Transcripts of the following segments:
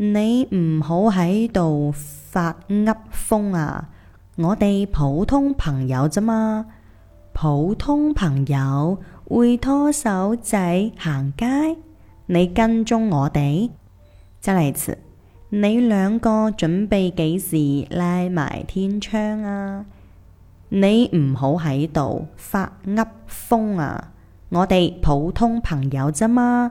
你唔好喺度發噏瘋啊！我哋普通朋友咋嘛，普通朋友會拖手仔行街，你跟蹤我哋？再嚟一次，你兩個準備幾時拉埋天窗啊？你唔好喺度發噏瘋啊！我哋普通朋友咋嘛。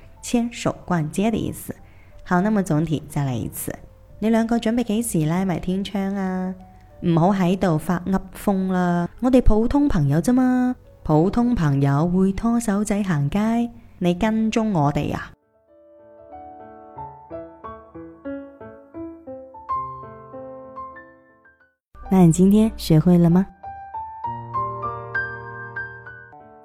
牽手逛街的意思。好，那麼總體再來一次。你兩個準備幾時拉埋天窗啊？唔好喺度發噏瘋啦！我哋普通朋友咋嘛，普通朋友會拖手仔行街。你跟蹤我哋呀、啊？那你今天學會了嗎？